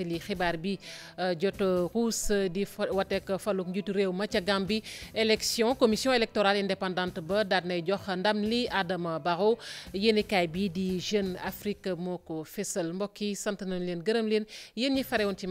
fàttali xibaar bi euh, jot ruus euh, di wateek faluk njiitu réew ma ca Gàmbi élection commission électorale indépendante ba daal nay jox ndam li Adama Barrow yéenekaay bi di Jeune Afrique moo ko fésal mbokk sant nañ leen gërëm leen yéen ñi fare woon ci